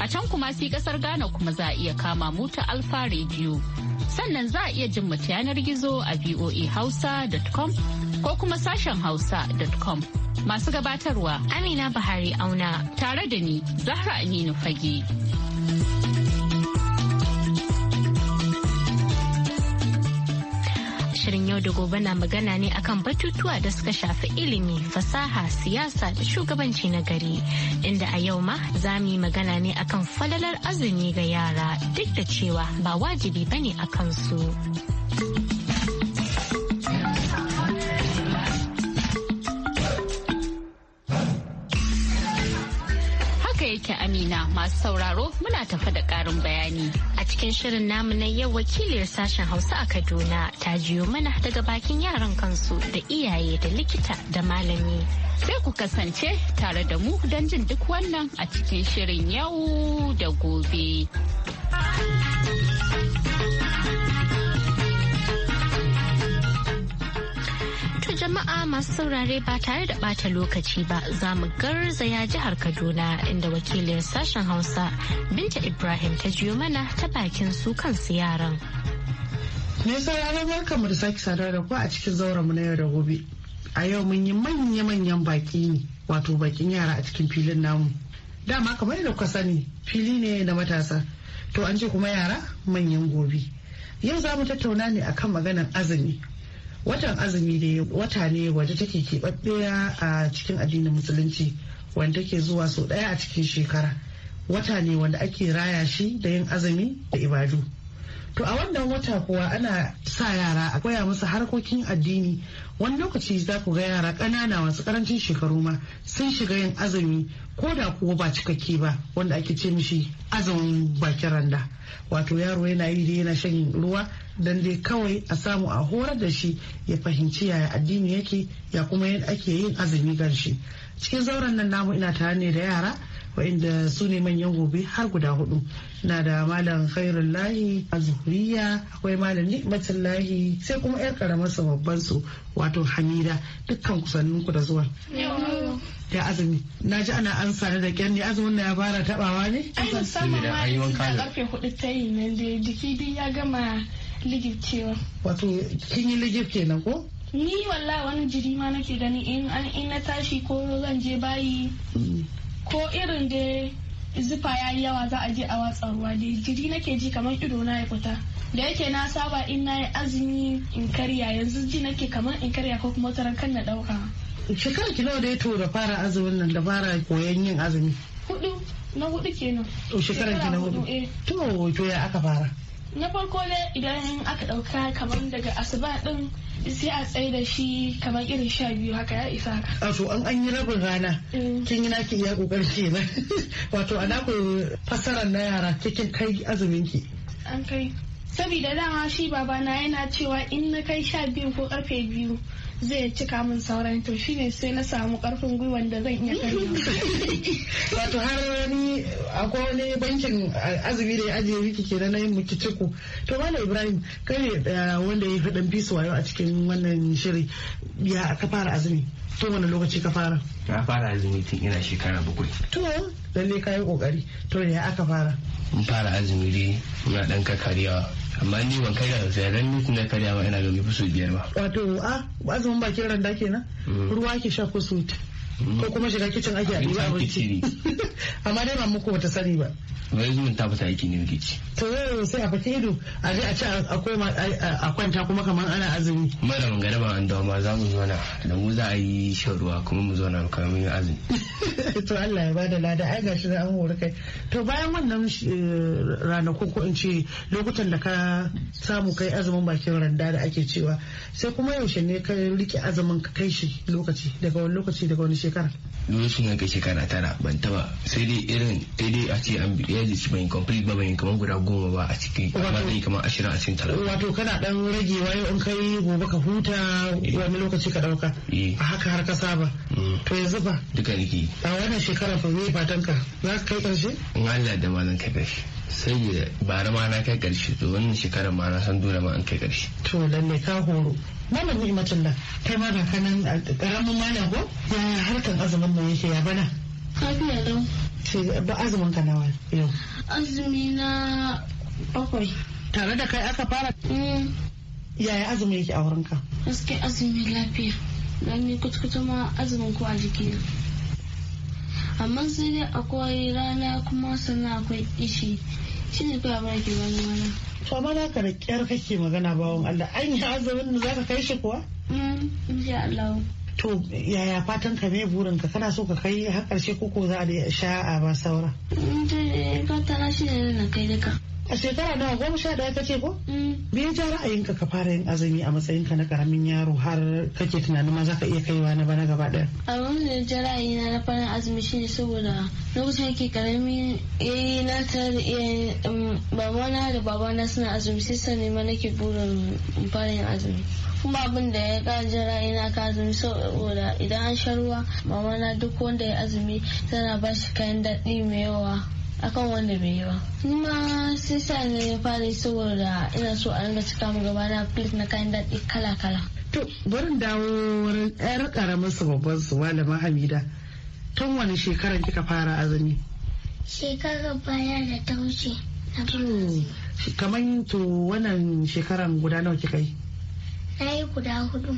A can kuma si kasar Ghana kuma za a iya kama mota Alpha Alfa Radio. Sannan za a iya jin mutu yanar gizo a voahausa.com ko kuma sashen hausa.com. Masu gabatarwa Amina Buhari Auna tare da ni Zahra Aminu Fage. yau da gobe na magana ne akan batutuwa da suka shafi ilimi, fasaha, siyasa da shugabanci na gari. Inda a yau ma za mu yi magana ne akan falalar azumi ga yara duk da cewa ba wajibi bane a kansu. Amina masu sauraro muna tafa da ƙarin bayani. A cikin shirin namu na yau wakiliyar sashen Hausa a Kaduna ta jiyo mana daga bakin yaran kansu da iyaye da likita da malami. Sai ku kasance tare da mu don jin duk wannan a cikin shirin yau da gobe. jama'a masu saurare ba tare da bata lokaci ba za mu garzaya jihar Kaduna inda wakilin sashen Hausa Binta Ibrahim ta jiyo mana ta bakin su kansu yaran. Me ka mu da sake sadar da ku a cikin zauren mu na yau da gobe. A yau mun yi manya-manyan baki ne wato bakin yara a cikin filin namu. Dama kamar da kuka sani fili ne na matasa. To an ce kuma yara manyan gobe. Yau za mu tattauna ne akan maganar azumi watan azumi da wata ne wadda take keɓaɓɓe a cikin addinin musulunci wanda take zuwa sau ɗaya a cikin shekara wata ne wanda ake raya shi da yin azumi da ibadu to a wannan wata kuwa ana sa yara a koya musu harkokin addini wani lokaci za ku ga yara ƙanana masu karancin shekaru ma sun shiga yin azumi ko da kuwa ba cikakke ba wanda ake ce mishi azumin bakin randa wato yaro yana yi da yana shan ruwa don dai kawai a samu a horar da shi ya fahimci yaya addini yake ya kuma yadda ake yin azumi gan shi cikin zauren nan namu ina tare ne da yara wa'inda su ne manyan gobe har guda hudu na da malam a azhuriya akwai malam ni'matullahi sai kuma yar karamar su babban su wato hamida dukkan kusannin ku da zuwa Ya azumi na ji ana an sani da kyan ne azumin na ya fara tabawa ne ai musamman ma da karfe hudu ta yi nan dai jiki duk ya gama ligifcewa wato kin yi ligif kenan ko ni walla wani jiri ma nake gani in in na tashi ko zan je bayi mm. ko irin da zufa ya yi yawa za a je a watsa ruwa da jiri nake ji kamar ido na ya fita da yake na saba in na yi azumi in karya yanzu ji nake kamar in karya ko kuma wata kan na dauka shekara ki nawa da ya tura fara azumin nan da fara koyon yin azumi hudu na hudu kenan to shekara ki na hudu eh. to to ya aka fara na farko dai idan aka ɗauka kamar daga asuba ɗin sai a tsaye da shi kamar irin sha biyu haka ya isa haka. a an an yi rabin rana eh. kin yi naki iya ke kenan wato a naku fasaran na yara kikin kai azumin ki an kai saboda dama shi babana yana cewa in na kai sha biyu ko karfe biyu zai cika min sauran to shine sai na samu karfin gwiwan da zan iya karya wato har ni akwai wani bankin azumi da ya ajiye miki ke na yin miki ciko to malam ibrahim kai eh, wanda ya fi dan fiso a cikin wannan shiri ya ka fara azumi tun wani lokaci ka fara na fara azumi tun ina shekara bakwai to lalle ka yi kokari to ya aka fara mun fara azumi dai muna dan kakaryawa amma ni ban kai da sai ran ni na kariya ba ina ga bai su biyar ba wato a azumin bakin randa kenan mm. ruwa ke sha ko sweet ko kuma shiga kicin ake a ɗiba abinci amma dai ba muku wata sani ba wai zuwan ta fita aiki ne kici to sai a fita ido a je a ci a kwanta kuma kamar ana azumi mara mangana ba an dawo ma za mu zauna da mu za a yi shan ruwa kuma mu zauna kamar mun yi azumi to Allah ya bada lada ai gashi da an hori kai to bayan wannan eh, ranakun ko in ce lokutan da ka samu kai azumin bakin randa da ake cewa sai kuma yaushe ne ka rike azumin ka kai shi lokaci daga wani lokaci daga wani shi shekara lokacin sun kai shekara tara ban taba sai dai irin sai dai a ce an biya su bayan complete ba bayan kamar guda goma ba a ciki amma zai kamar ashirin a cikin talatin wato kana dan rage yau in kai gobe ka huta eh. wani lokaci ka dauka eh. a haka har ka saba mm. to yanzu ba duka niki. a wannan shekara fa zai fatan ka za ka kai karshe in Allah da ma zan kai karshe sai bara ma na kai karshe to wannan shekarar ma na san dole ma an kai karshe to ne ka horo malam ni'matun da kai ma ga kanan karamin malam ko yaya harkan azumin mu yake ya bana lafiya lau ba azumin ka nawa yau azumi na bakwai tare da kai aka fara mm. yaya azumi yake a wurinka gaskiya azumi lafiya na ni kutukutu ma azumin ko a jiki amma sai dai akwai rana kuma sannan akwai ishi shi ne kawai ba ke wani wani to amma za ka da kyar kake magana bawon Allah an yi azumin da zaka kai shi kuwa mm, insha Allah to yaya fatan ka me burin ka kana so ka kai har karshe koko za a sha a ba saura mm, eh, fata na shi ne na kai duka a shekara nawa goma sha daya kace ko mm. me ya ja ra'ayinka ka fara yin azumi a matsayinka na karamin yaro har kake tunanin ma zaka iya kaiwa na bana gaba daya abin da ya ja ra'ayina na fara azumi shine saboda lokacin yake karami yi eh, na tare da mama um, mamana da babana suna azumi sai sa nema nake burin fara yin azumi kuma abin da ya kaji ra'ayina ka azumi saboda idan an sha ruwa mamana duk wanda ya azumi tana ba shi kayan daɗi mai yawa akan wanda bai yi ba ni sai sa ne ya fara saboda ina so a ringa cika mu gaba na plate na kayan daɗi kala kala to barin dawo wurin ƴar ƙaramin su babban su malama hamida tun wani shekaran kika fara azumi shekarar baya da ta wuce kamar to wannan shekaran guda nawa kika yi na yi guda hudu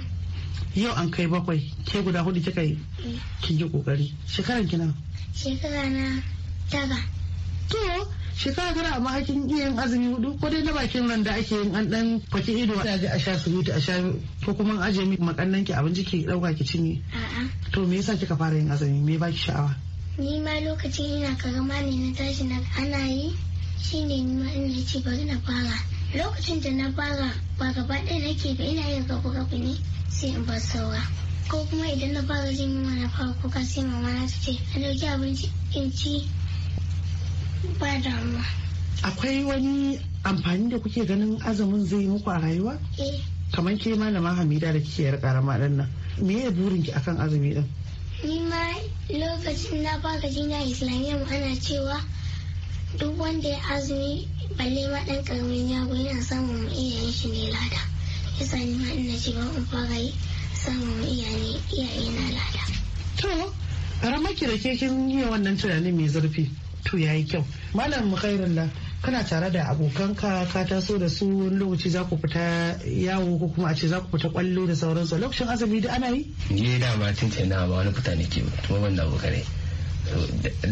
yau an kai bakwai ke guda hudu kika yi eh. kin yi kokari shekaran kina shekara na tara to shekara gara amma hakin iya yin azumi hudu ko dai na bakin ran da ake yin an dan faki ido a ga a sha sweet a sha ko kuma aje mi makannan ki abinci ki dauka ki cinye to me yasa kika fara yin azumi me baki sha'awa ni ma lokacin ina karama ne na tashi na ana yi shine ni ma ina ce bari na fara lokacin da na fara ba gaba ɗaya nake ba ina yin gaba rabu ne sai in ba saura ko kuma idan na fara jin yunwa na fara kuka sai mama na ta ce a ɗauki abinci in ci Ba Akwai wani amfani da kuke ganin azumin zai muku a rayuwa? Eh. Kamar ke malama Hamida da kike yar karama nan. Me ya burin ki akan azumi din? Ni ma lokacin na baka jina Islamiyya mu ana cewa duk wanda ya azumi balle ma ɗan ƙaramin yago yana samun iyayen shi ne lada. Yasa ni ma ina cewa in fara yi samun mu iyaye na lada. To, ƙaramar da ke kin yi wannan tunanin mai zurfi. to ya yi kyau malam la kana tare da abokan ka taso da su wani lokaci za ku fita yawo ko kuma a ce za ku fita kwallo da sauransu lokacin azumi da ana yi? ni da ba ce na ba wani fita nake ba kuma ban abu kare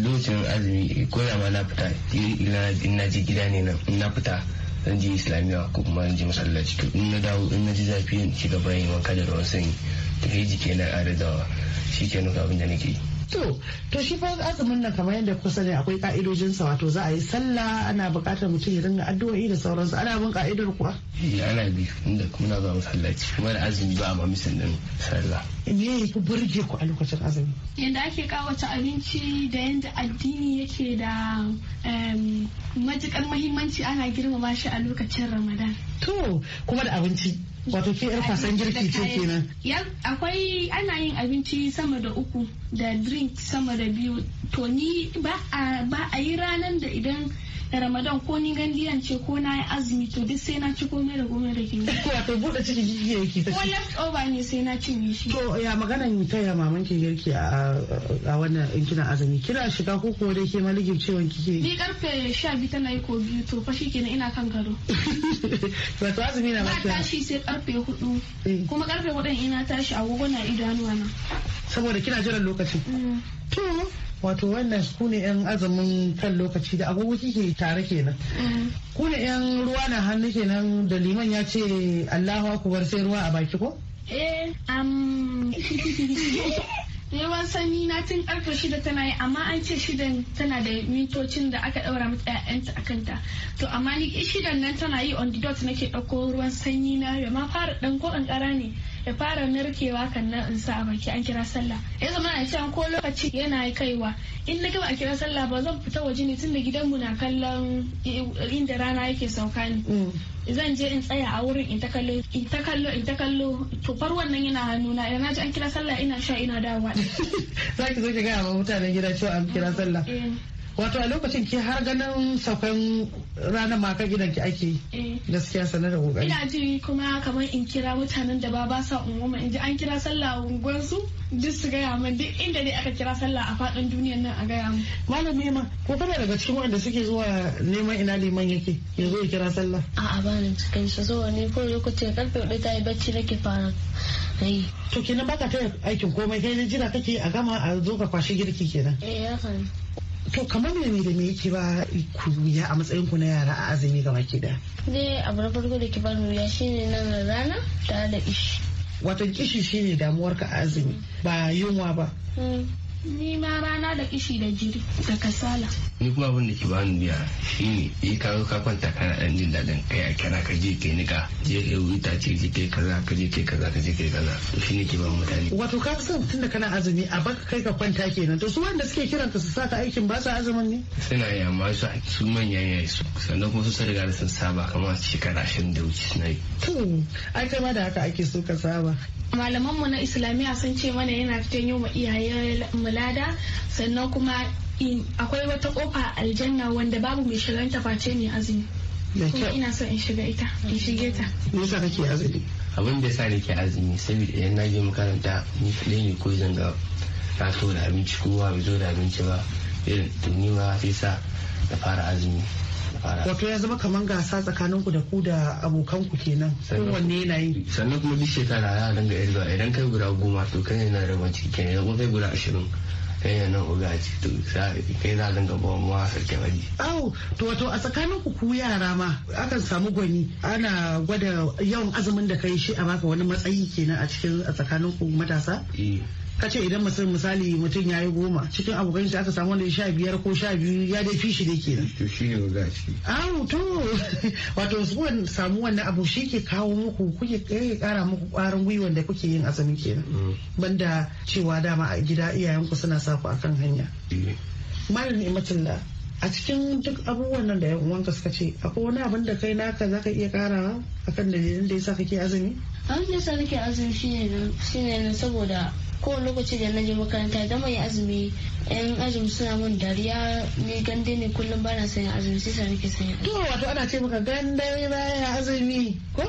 lokacin azumi ko da ma na fita in na je gida ne nan na fita zan je islamiyya ko kuma zan je masallaci to in na dawo in na ji zafi ci gaba yin wanka da ruwan sanyi to jiki na adadawa shi ke nuka abin da nake yi. To, to shi fa azumin nan kamar yadda kusa ne akwai ka'idojin sa wato za a yi sallah ana buƙatar mutum ya dinga addu'o'i da sauransu ana bin ka'idar kuwa. Eh ana bi inda kuma mu sallaci kuma da azumi ba amma misin din sallah. Me ya fi burge ku a lokacin azumi? Yanda ake kawata abinci da yanda addini yake da matukar muhimmanci ana girmama shi a lokacin Ramadan. To, kuma da abinci wato ke yar kwasan girki ce kenan akwai ana yin abinci sama da uku da drink sama da biyu to ni ba a yi ranar da idan Eh, ramadan ko ni gandiyan ce ko na yi azumi to duk sai na ci komai da komai da kimi ko wato bude ciki jiki yake ta ko left over ne sai na ci mishi. to ya maganan ta ya maman ki girki a wannan in kina azumi kina shiga ko ko dai ke maligin ciwon kike ni karfe 12 tana yi ko biyu to fa shikenan ina kan gado wato azumi na ba tashi sai karfe 4 eh. kuma karfe 4 ina tashi agogo na idanuwa na saboda kina jiran lokacin mm. to wato wannan su ne yan azumin kan lokaci da agogo kike tare kenan ku ne yan ruwa na hannu kenan da liman ya ce Allahu akbar sai ruwa a baki ko eh am sanyi na tun karfe shida tana yi amma an ce shidan tana da mitocin da aka daura mata ƴaƴanta a kanta to amma ni shidan nan tana yi on the dot nake ɗauko ruwan sanyi na ya ma fara ɗan ko ƙanƙara ne ya fara narkewa kan na in sa a baki an kira sallah ya zama a can ko lokaci yana kaiwa in na gaba a kira sallah ba zan fita waje ne tun da gidanmu na kallon eh, inda rana yake sauka ne mm. zan je in tsaya a wurin in ta kallo in ta kallo in ta kallo to far wannan yana hannuna idan na ji an kira sallah ina sha ina dawa za ki zo ki gaya ma mutanen gida cewa an kira mm, sallah eh. wato a lokacin ke har ganin saukan ranar maka gidan ki ake eh. gaskiya sanar da kokari ina ji kuma kamar in kira mutanen da ba ba sa umuma in ji an kira sallah unguwar su duk su gaya min duk inda ne aka kira sallah a fadin duniyar nan a gaya min malam ma ko kana daga cikin wanda suke zuwa neman ina liman yake yanzu zo ya kira sallah a'a ba ni cikin shi zuwa ne ko lokacin karfe 4 ta yi bacci nake fara To kenan baka ta aikin komai kai jira kake a gama a zo ka kwashi girki kenan. Eh ya kan. to kamar me da me yake ba ku wuya a matsayin ku na yara a azumi gaba ki da dai abu na da ke ba wuya shine nan rana tare da ishi wato kishi shine damuwar ka a azumi ba yunwa ba mm. ni ma rana da ishi da jiri da kasala ni kuma abin da ke bani biya shine eh ka zo ka kwanta kana dan jin daɗin kai a kira ka je kai nika je ka yi wuta ce kai kaza ka je kai kaza ka je kai kaza to ne ke bani mutane wato ka fi son da kana azumi a baka kai ka kwanta kenan to su wanda suke kiran su saka aikin ba su azumin ne suna yi amma su su manyan yayi su sannan kuma su sun riga da sun saba kamar shekara ashirin da wuce suna yi to ai kai ma da haka ake so ka saba mu na islamiyya sun ce mana yana janyo ma iyayen mulada sannan kuma akwai wata kofa aljanna wanda babu mai ta face ne azumi kuma ina so in shiga ita in shige ta me kake azumi abin da yasa nake azumi saboda idan na je makaranta ni ne ko zanga na so da abinci kowa bai zo da abinci ba irin tuni ma sai sa da fara azumi wato ya zama kamar gasa tsakanin ku da ku da abokan ku kenan kowanne yana yi sannan kuma duk shekara ya dinga yin idan kai guda goma to kai yana da wancan kenan idan kai guda ashirin kai ne nan uga ce to kai za dinga ba mu sarkin waje. aw to wato a tsakanin ku yara ma akan samu gwani ana gwada yawan azumin da kai shi a baka wani matsayi kenan a cikin a tsakanin ku matasa eh. ka ce idan masu misali mutum ya yi goma cikin abokan shi aka samu wanda ya sha biyar ko sha biyu ya dai fishi da ke to shi ne ga to wato su samu wannan abu shi ke kawo muku kuke kai eh, kara muku kwarin gwiwa da kuke yin azumi kenan mm. banda cewa dama a gida iyayenku suna sa ku akan hanya eh. malam imatullah a cikin duk abubuwan nan da yan uwanka suka ce akwai wani abin da kai naka zaka iya karawa a kan dalilin da ya sa kake azumi abin da sa nake azumi shine shine ne saboda wani lokaci da na je makaranta da mai azumi yan azumi suna mun dariya ni gande ne kullum bana sanya azumi sai sa nake sanya to wato ana ce maka gande baya azumi ko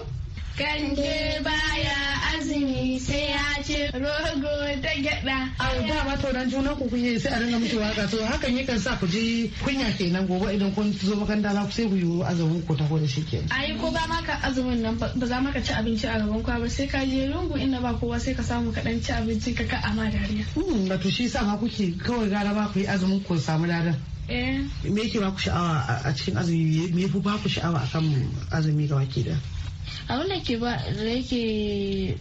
Kande baya azumi sai ya ce rogo da gyaɗa. A da ma tauran juna ku kunye sai a ringa mutu waka to hakan yakan sa ku ji kunya kenan gobe idan kun zo makaranta za ku sai ku yi azumin ku taho da shi kenan. Ai ko ba maka azumin nan ba za maka ci abinci a gaban kwa ba sai ka je lungu inda ba kowa sai ka samu ka dan ci abinci ka ka ama dariya. Hmm wato shi sa ma kuke kawai gara ba ku yi azumin ku samu ladan. Eh. Me yake ba ku sha'awa a cikin azumi me yafi ba ku sha'awa akan azumi ga waki da? abin da ke ba da yake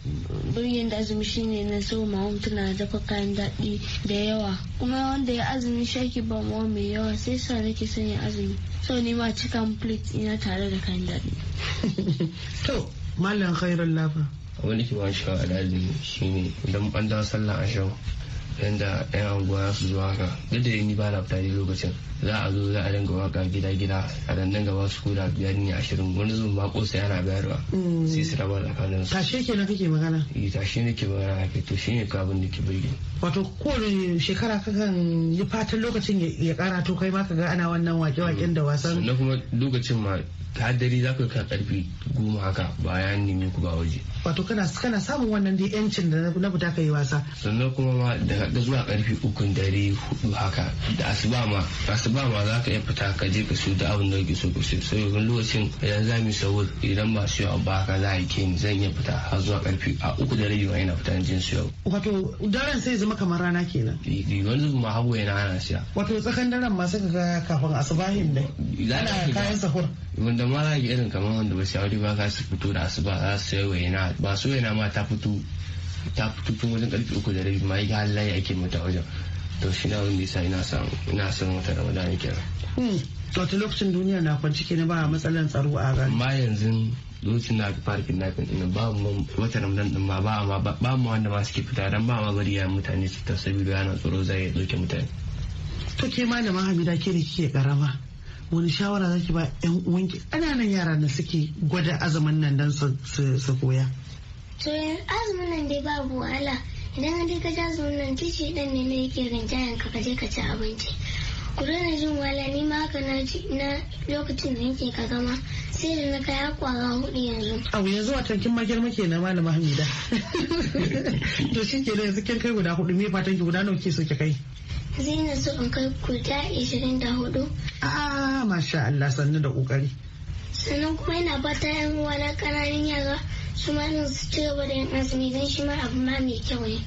birnin da azumi shine na so ma tana dafa kayan daɗi da yawa kuma wanda ya azumi shaki ba mai yawa sai sa nake sanya azumi so ni ma cikin plate ina tare da kayan daɗi to mallan khairul lafa abin da ke ba shi da azumi shine idan an dawo sallah ashawa da yan anguwa su zo haka duk da yi ba na fita lokacin za a zo za a dinga waka gida gida a dandan gaba su koda biyar ne ashirin wani zuwa ma kosa yana bayarwa mm. sai su raba tsakanin su ke na kake magana eh, tashi ne ke magana fito to shine kabin da ke burge wato kowane shekara kakan yi fatan lokacin ya kara to kai ma ka ga ana wannan wake-waken da wasan na kuma lokacin ma har dare za ka ka karfi goma haka bayan nemi ku ba waje wato kana kana samun wannan da yancin da na fita yi wasa sannan kuma ma daga ga zuwa karfi ukun dare hudu haka da asuba ma asuba ma za ka iya fita ka je ka su da abin da kake so ka so sai wani lokacin idan za mu sawur idan ba su ba ka za a yi zan iya fita har zuwa karfi a uku da rabi ma ina fita jin su yau wato daren sai zama kamar rana kenan wani zubin ma hagu yana ana siya wato tsakan daren ma sai ka ga kafin asubahin da ana kayan sahur wanda ma za irin kamar wanda ba su aure ba za su fito da asuba za su sayo waina ba su waina ma ta fito ta fito tun wajen karfe uku da rabi ma ya halaye ake mata wajen to shi na wani sa ina son ina son wata ramadana kenan. wata hmm. lokacin duniya na kwanci kenan ba matsalar tsaro a ran. ma yanzu lokacin na ga farkin kan ina ba mu wata ramadan din ma ba ma ba mu wanda ma suke fita dan ba ma bari ya mutane su ta saboda yana tsoro zai ya ɗauke mutane. to ke malama hamida ke da kike karama wani shawara zaki ba yan uwanki ƙananan yara da suke gwada azumin nan don su koya to azumin nan dai babu wahala idan ka je ka ji azumin nan tishi dan ne yake rinjayen ka ka je ka ci abinci ku na jin wala ni ma haka na lokacin da yake ka zama sai da na kaya kwara hudu yanzu. Abu yanzu a tankin makiyar muke na malama Hamida. To shi ke yanzu kin kai guda hudu me fatan ki guda nawa ke so ki kai? Zai na so in kai guda ishirin da hudu. Ah masha Allah sannu da kokari. Sannan kuma yana fata yan uwa na ƙananan yara su ma su ci gaba da yin azumi don shi ma abu ma mai kyau ne.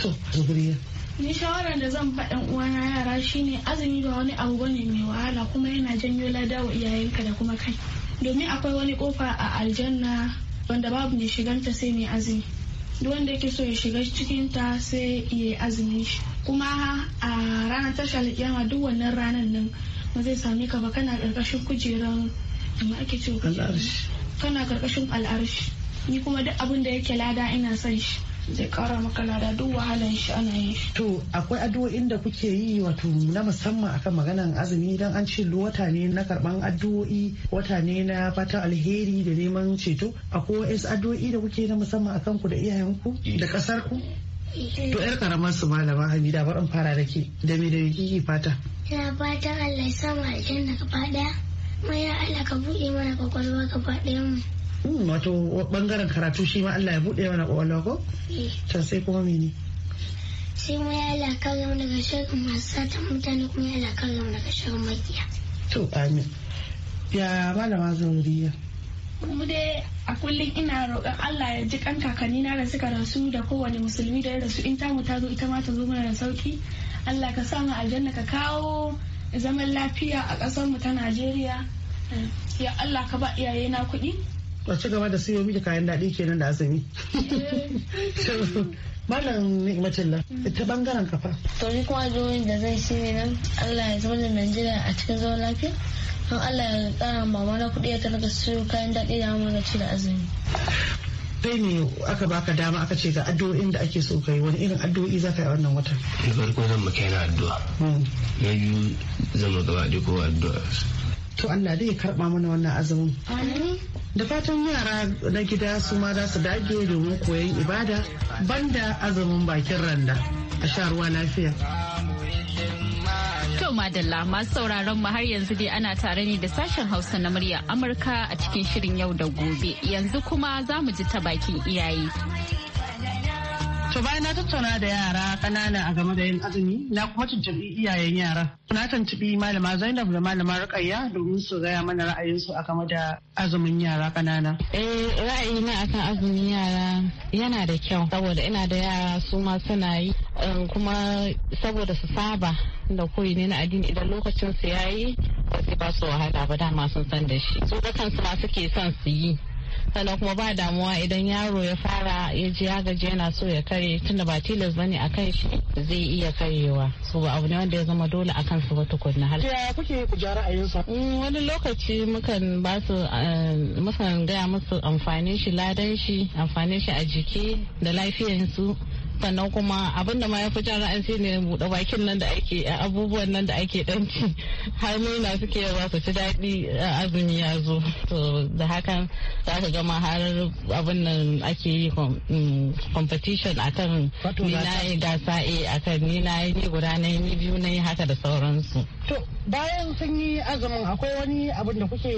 To, Zubriya. ni shawarar da zan faɗin uwana yara shine azumi ba wani abu bane mai wahala kuma yana janyo lada wa iyayenka da kuma kai domin akwai wani kofa a aljanna wanda babu mai shiganta sai mai azumi duk wanda yake so ya shiga cikin ta sai ya azumi shi kuma a ranar tashar alƙiyama duk wannan ranar nan ba zai same ka ba kana karkashin kujeran amma ake cewa kana karkashin al'arshi ni kuma duk abin da yake lada ina son shi zai kara maka lada duk wahalan shi ana yi. shi. To akwai addu'o'in da kuke yi wato na musamman akan maganan azumi dan an ce wata ne na karban addu'o'i wata ne na fatan alheri da neman ceto akwai wasu addu'o'i da kuke na musamman akan ku da iyayenku da kasar ku. To yar karamar su malama Hamida bar in fara da ke da me da kike fata. Ina fata Allah ya sa mu aljanna gaba daya. Allah ka buɗe mana kwakwalwa gaba ɗayan mu. Hmm, wato bangaren karatu shi ma Allah ya buɗe mana ƙwaƙwalwa ko? to sai kuma mene? sai mu ya alakar yau daga shirin masu sata mutane kuma ya alakar yau daga shirin makiya. to amin ya malama zauriya. mu dai a kullum ina roƙon Allah ya ji kan kakanni na da suka rasu da kowane musulmi da ya rasu in tamu ta zo ita ma ta zo mana da sauki Allah ka sa mu aljanna ka kawo zaman lafiya a ƙasar mu ta Najeriya ya Allah ka ba iyaye na kuɗi to ci gaba da siyo miki kayan daɗi kenan da azumi malam ni nan ta bangaren kafa to ni kuma addu'o'in da zai shi ne nan Allah ya zama da Najeriya a cikin zaman lafiya don Allah ya kara ma mana kuɗi ya da siyo kayan daɗi da amma ci da azumi kai ne aka baka dama aka ce ga addu'o'in da ake so kai wani irin addu'o'i za ka yi wannan watan na farko zan maka yana addu'a hmm. na zan maka ba addu'a to Allah zai karɓa karba mana wannan azumin da fatan yara na gida su ma za su dage domin koyon ibada banda azumin bakin randa a sha ruwa lafiya To madalla masu sauraron mu har yanzu dai ana tare ne da sashen Hausa na murya Amurka a cikin shirin yau da gobe yanzu kuma za mu ji ta bakin iyaye. To bayan na tattauna da yara kanana a game da yin azumi na kuma tuntuɓi iyayen yara. Na tuntuɓi malama Zainab da malama Rukayya domin su gaya mana ra'ayinsu a game da azumin yara ƙanana. Eh ra'ayina akan azumin yara yana da kyau saboda ina da yara su ma suna yi um, kuma saboda su saba da koyi ne na addini idan lokacin su yayi ba su wahala ba dama sun san da shi. Su da kansu ma suke son su yi. sannan kuma ba damuwa idan yaro ya fara ya ji ya gaji yana so ya kare tunda ba tilas bane a kan shi zai iya karewa so ba abu ne wanda ya zama dole kan su ba tukunna har ya kuke ku ja ra'ayinsa mm, wani lokaci mukan ba su eh, mukan gaya musu amfanin shi ladan shi amfanin shi a jiki da lafiyansu sannan kuma abin da ma ya fi jan ra'ayin shi ne buɗe bakin nan da ake eh, abubuwan nan da ake ɗanci har nuna suke yawa su ci daɗi eh, azumi ya zo to da hakan za ka gama har abin nan ake yi competition kan ni na yi gasa e akan ni na yi ni guda na yi biyu na yi haka da sauransu. to bayan sun yi azumin akwai wani abin da kuke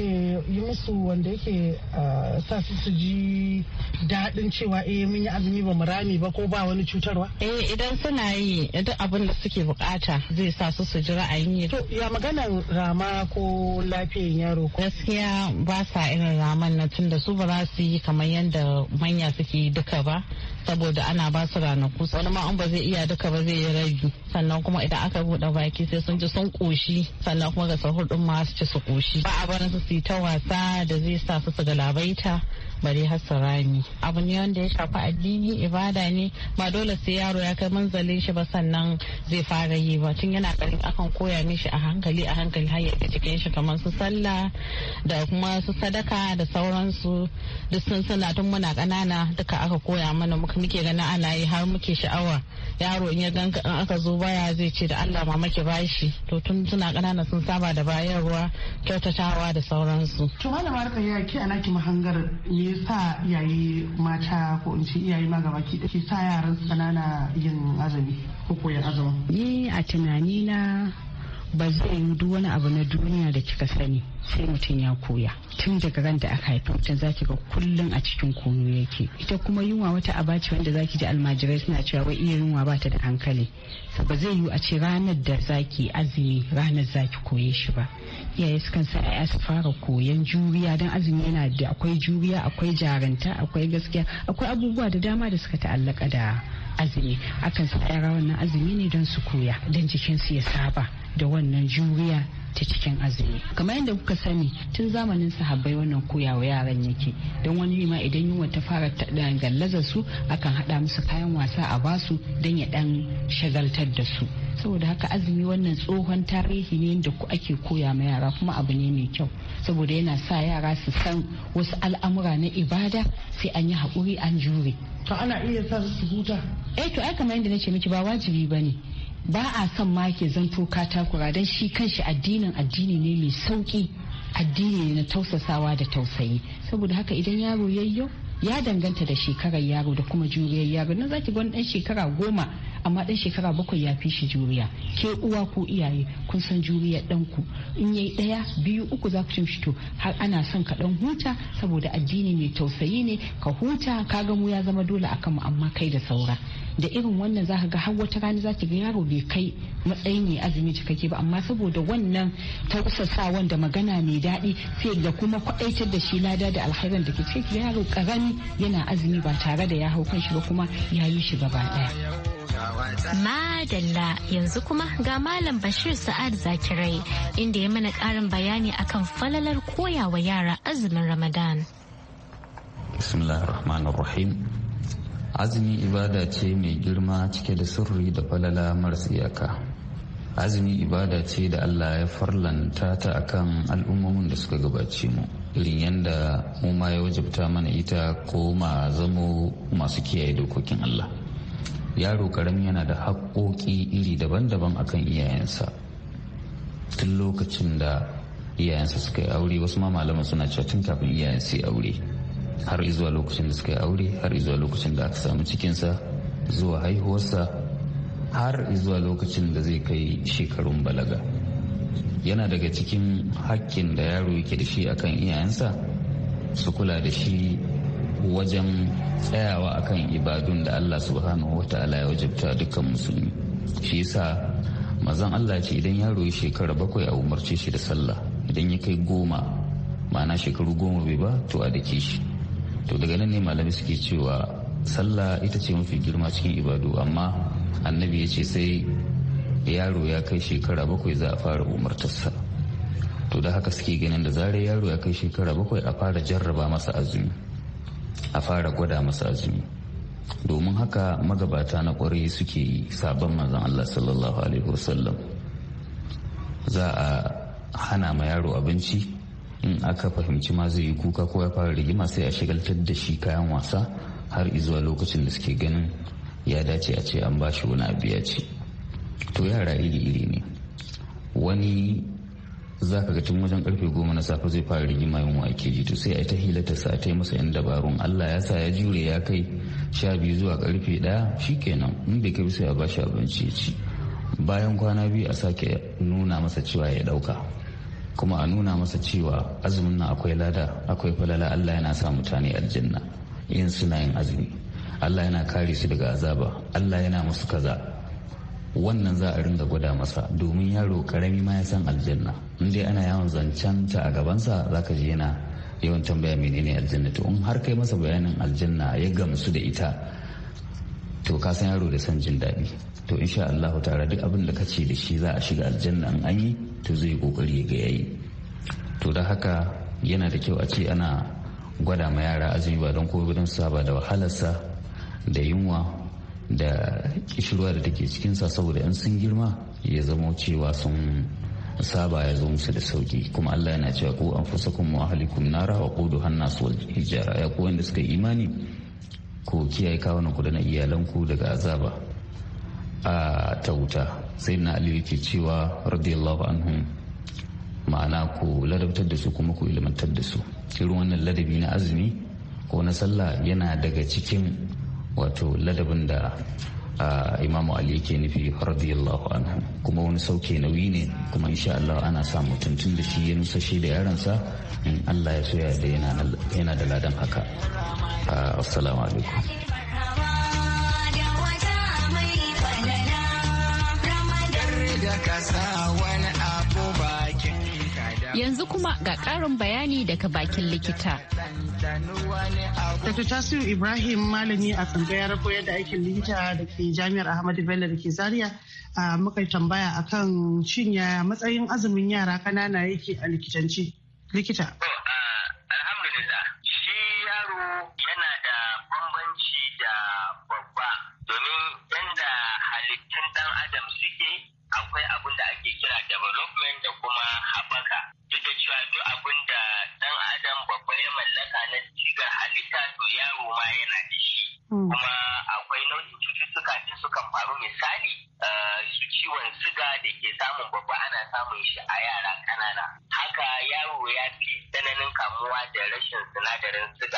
yi musu wanda yake eh, sa su ji daɗin cewa eh mun yi azumi ba mu rami ba ko ba wani cutarwa? Eh idan suna yi duk abin da suke bukata zai sa su su ji ra'ayin yi. To ya maganan rama ko lafiyan yaro? Gaskiya ba sa irin raman na tun da su ba za su yi kamar yadda manya suke yi duka ba. saboda ana ba su ranaku wani ma ba zai iya duka ba zai yi rabi sannan kuma idan aka buɗe baki sai sun ji sun koshi sannan kuma ga sahur din ma su ci su koshi ba a barin su su yi ta wasa da zai sa su su galabaita bari bare hasarani abu ne wanda ya shafi addini ibada ne ba dole sai yaro ya kai manzalin shi ba sannan zai fara yi ba tun yana karin akan koya mishi a hankali a hankali har ya cikin shi kamar su sallah da kuma su sadaka da sauransu duk sun suna tun muna kanana duka aka koya mana muke ganin ana yi har muke sha'awa yaro in ya ka in aka zo baya zai ce da Allah mama ki bashi to tun suna kanana sun saba da bayarwa kyautatawa da sauransu to malama ya ki ana ki mahangar ni. shi sa iyaye mata ko in ce iyaye ma gaba ki sa yaran tsanana yin azumi ko koyan azumi ni a tunani na ba zai yi duk wani abu na duniya da kika sani sai mutum ya koya tun daga ran da aka haifi mutum zaki ga kullum a cikin koyo yake ita kuma yunwa wata aba ce wanda zaki ji almajirai suna cewa wai iya yunwa ba ta da hankali ba zai yiwu a ce ranar da zaki azumi ranar zaki koye shi ba iyaye sukan sa a su fara koyan juriya don azumi yana da akwai juriya akwai jaranta akwai gaskiya akwai abubuwa da dama da suka ta'allaka da azumi akan wannan azumi ne don su koya don jikinsu ya saba da wannan juriya ta cikin azumi kamar yadda kuka sani tun zamanin sahabbai wannan koya wa yaran yake don wani ma idan yunwa ta fara gallazar su akan haɗa musu kayan wasa a basu don ya ɗan shagaltar da su saboda haka azumi wannan tsohon tarihi ne da ake koya ma yara kuma abu ne mai kyau saboda yana sa yara su san wasu al'amura na ibada sai an yi haƙuri an jure to ana iya sa su huta eh to ai kamar yadda nace miki ba wajibi bane ba a son ma ke zanto katakura don shi kanshi addinin addini ne mai sauki addini ne na tausasawa da tausayi saboda haka idan yaro yayyo ya danganta da shekarar yaro da kuma juriyar yaro na zaki wani dan shekara goma amma dan shekara bakwai ya fi shi juriya ke uwa ko iyaye kun san juriyar ɗanku in yayi ɗaya biyu uku za ku ci shi to har ana son ka ɗan huta saboda addini mai tausayi ne ka huta ka ga mu ya zama dole akan mu amma kai da saura da irin wannan za ka ga har wata rana za ki ga yaro bai kai matsayin ne azumi cikakke ba amma saboda wannan tausasa wanda magana mai daɗi sai da kuma kwaɗaitar da shi lada da alhairan da ke ciki yaro karami yana azumi ba tare da ya hau kan shi ba kuma ya yi shi gaba ɗaya. Madalla yanzu kuma ga Malam Bashir Sa'ad Zakirai inda ya mana ƙarin bayani akan falalar koyawa yara azumin Ramadan. Bismillahirrahmanirrahim. Azumi ibada ce mai girma cike da sirri da falala marasa iyaka. Azumi ibada ce da Allah ya farlanta ta akan al'ummomin da suka gabace mu. irin yadda mu ma ya wajabta mana ita ko ma zamo masu kiyaye dokokin Allah. yaro karami yana da haƙoƙi iri daban-daban akan iyayensa tun lokacin da iyayensa suka yi aure wasu ma malaman suna cewa tun kafin iyayen su yi aure har zuwa lokacin da suka yi aure har zuwa lokacin da aka samu cikinsa zuwa haihuwarsa har zuwa lokacin da zai kai shekarun balaga yana daga cikin hakkin da yaro yake da shi akan iyayensa su kula da shi wajen tsayawa akan ibadun da Allah subhanahu ta'ala ya wajabta dukkan musulmi shi yasa mazan Allah ce idan yaro ya shekara bakwai a umarce shi da sallah idan ya kai goma ma'ana shekaru goma bai ba to a dake shi to daga nan ne malami suke cewa sallah ita ce mafi girma cikin ibadu amma annabi ya ce sai yaro ya kai shekara bakwai za a fara umartarsa to da haka suke ganin da zarar yaro ya kai shekara bakwai a fara jarraba masa azumi a fara gwada masa azumi domin haka magabata na kwarai suke yi sabon manzon Allah sallallahu alaihi wasallam za a hana ma yaro abinci in aka fahimci ma zai yi kuka ko ya fara rigima sai a shigaltar da shi kayan wasa har izuwa lokacin da suke ganin ya dace a ce an ba shi wani abu ya ce to yara iri iri ne wani za ka ga tun wajen karfe goma na safe zai fara rigima yin ake ji to sai a ta ta sa ta masa yan dabarun Allah ya sa ya jure ya kai sha biyu zuwa karfe shi kenan in bai kai sai a bashi abinci ya ci bayan kwana biyu a sake nuna masa cewa ya ɗauka kuma a nuna masa cewa azumin nan akwai lada akwai falala Allah yana sa mutane aljanna yin suna yin azumi Allah yana kare su daga azaba Allah yana musu kaza wannan za a ringa gwada masa domin yaro karami ma ya san aljanna in dai ana yawan zancen ta a gabansa za ka je yana yawan tambaya menene aljanna to in har kai masa bayanin aljanna ya gamsu da ita to ka san yaro da san jin daɗi to insha Allah tare duk abin da kace da shi za a shiga aljanna in an yi to zai kokari ga yayi to da haka yana da kyau a ce ana gwada ma yara azumi ba don ko don saba da wahalarsa da yunwa da kishirwa da take cikinsa saboda yan sun girma ya zama cewa sun saba ya zo musu da sauki kuma Allah yana cewa ku anfusakum wa ahlikum nara wa qudu hannas wal hijara ya ku wanda suka imani ko kiyaye kawunan ku da na iyalanku daga azaba a ta wuta sai na Ali yake cewa radiyallahu anhum ma'ana ku ladabtar da su kuma ku ilmantar da su irin wannan ladabi na azumi ko na sallah yana daga cikin wato ladabin da imamu ali yake nufi radiyallahu anhu kuma wani sauke nauyi ne kuma insha Allah ana sa mutuntun da shi ya nusashe da yaransa in Allah ya soya da yana da ladan haka assalamu alaikum Yanzu kuma ga ƙarin bayani daga bakin likita. Dr. Tasiru Ibrahim malami a tsangayar koyar da aikin linta da ke jami'ar Ahmadu Bello da ke a muka tambaya akan shin ya matsayin azumin yara kanana yake a likitanci. Likita. Alhamdulillah shi yaro yana da bambanci da babba domin yanda halittun ɗan adam suke akwai abin da ake kira development da kuma haɓaka duk da cewa duk abin da yana da shi hmm. kuma akwai nau'in cututtuka da sukan faru misali eh, su ciwon siga da ke samun babba ana samun shi a yara ƙanana haka yaro ya fi tsananin kamuwa da rashin sinadarin siga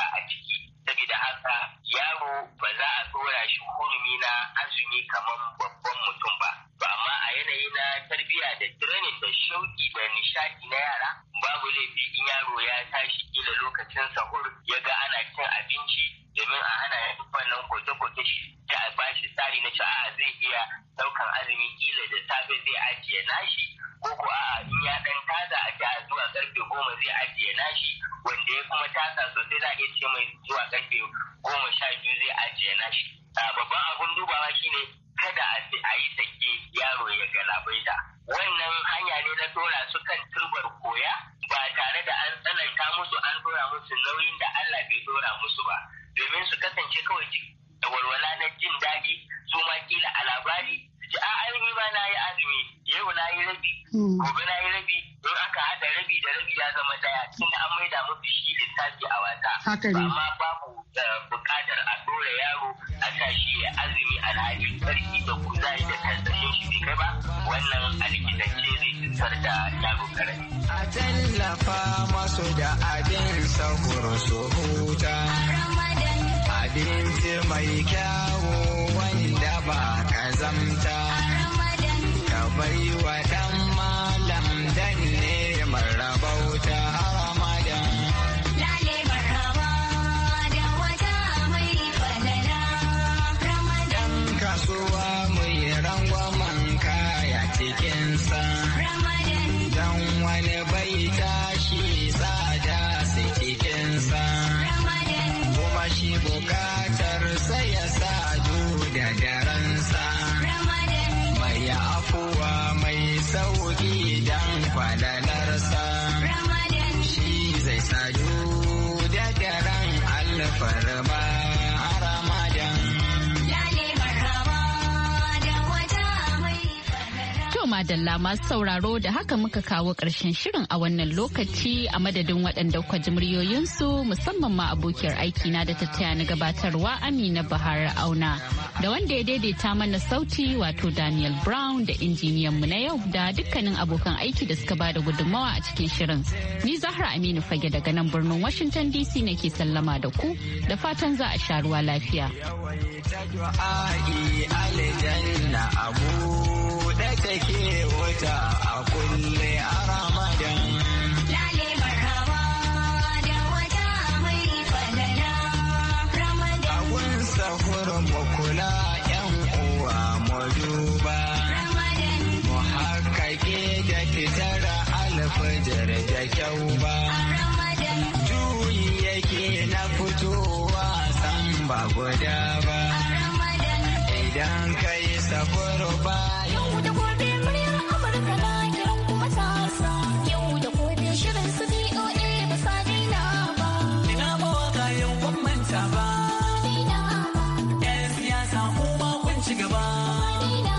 madalla masu sauraro da haka muka kawo ƙarshen shirin a wannan lokaci a madadin waɗanda kwa ji musamman ma abokiyar aikina da ta na gabatarwa Amina Bahar Auna da wanda ya daidaita mana sauti wato Daniel Brown da injiniyan mu na yau da dukkanin abokan aiki da suka bada gudunmawa a cikin shirin. Ni Zahra Aminu Fage daga nan birnin Washington DC nake sallama da ku da fatan za a sha ruwa lafiya. take wata a kulle a ramadan Sahurin mu kula 'yan uwa mu duba, mu haƙaƙe da fitar alfajar da kyau ba. Juyi yake na fitowa san ba guda ba. Idan ka